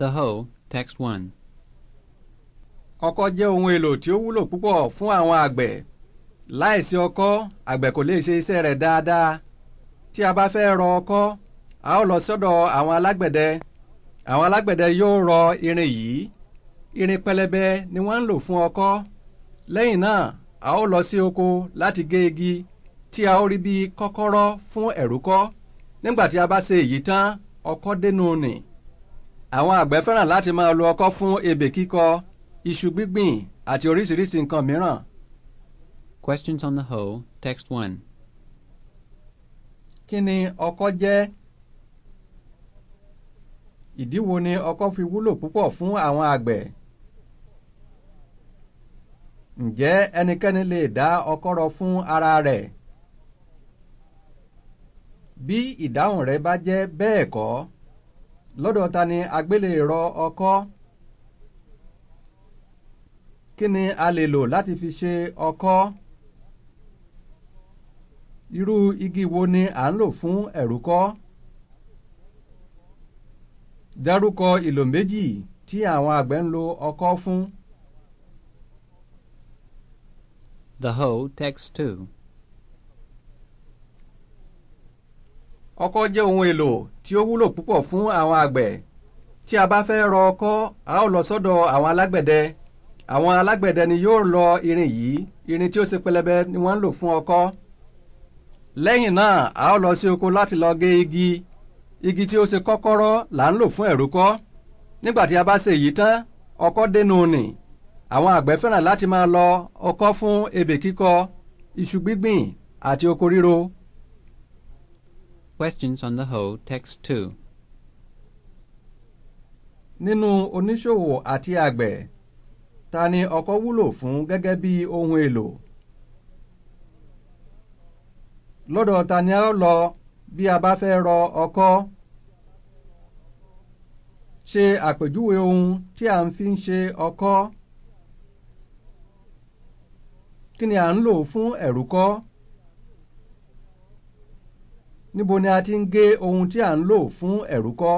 The Hoe, Text 1. Ọkọ́ jẹ́ ohun èlò tí ó wúlò púpọ̀ fún àwọn àgbẹ̀. Láìsí ọkọ́, àgbẹ̀ kò lè ṣe iṣẹ́ rẹ̀ dáadáa. Tí a bá fẹ́ rọ ọkọ́, a ó lọ sọ́dọ̀ àwọn alágbẹ̀dẹ. Àwọn alágbẹ̀dẹ yóò rọ irin yìí. Irin pẹlẹbẹ ni wọ́n ń lò fún ọkọ́. Lẹ́yìn náà, a ó lọ sí oko láti gé igi tí a ó rí bí kọ́kọ́rọ́ fún ẹ̀rúkọ́. Nígbà tí a bá ṣe èyí tán, ọkọ́ dénú nì àwọn àgbẹ̀ fẹ́ràn láti máa lo ọkọ́ fún ebè kíkọ iṣu gbígbìn àti oríṣiríṣi nǹkan mìíràn. questions on the whole text one. kí ni ọkọ́ jẹ́? ìdí wo ni ọkọ́ fi wúlò púpọ̀ fún àwọn àgbẹ̀? ǹjẹ́ ẹnikẹ́ni lè dá ọkọ́ rọ fún ara rẹ̀? bí ìdáhùn rẹ bá jẹ́ bẹ́ẹ̀ kọ́ lọ́dọ̀ ta ni àgbélẹ̀rọ ọkọ́ kí ni a lè lò láti fi ṣe ọkọ́ irú igi wo ni à ń lò fún ẹ̀rúkọ́ dárúkọ ìlò méjì tí àwọn àgbẹ̀ ń lo ọkọ́ fún. The whole text too. ọkọ́ jẹ́ ohun èlò tí ó wúlò púpọ̀ fún àwọn àgbẹ̀ tí a bá fẹ́ rọ ọkọ́ a ó lọ sọ́dọ̀ àwọn alágbẹ̀dẹ àwọn alágbẹ̀dẹ ni yóò lọ irin yìí irin tí ó ṣe pẹlẹbẹ ni wọ́n ń lò fún ọkọ́ lẹ́yìn náà a ó lọ sí oko láti lọ gé igi igi tí ó ṣe kọ́kọ́rọ́ là ń lò fún ẹ̀rúkọ́ nígbà tí a bá ṣe èyí tán ọkọ́ dénú nì àwọn àgbẹ̀ fẹ́ràn láti máa lọ ọkọ́ fún ebè kíkọ iṣu gbígbìn àti oko ríro Questions on the Whole, Text 2. Nínú oníṣòwò àti àgbẹ̀, ta ni ọkọ́ wúlò fún gẹ́gẹ́ bí ohun èlò? Lọ́dọ̀ ta ni a lọ bí a bá fẹ́ rọ ọkọ́? Ṣe àpèjúwe ohun tí a fi ń ṣe ọkọ́. Kí ni à ń lò fún ẹ̀rúkọ́? Níbo ni a ti ń gé ohun tí à ń lò fún ẹ̀rú kọ́?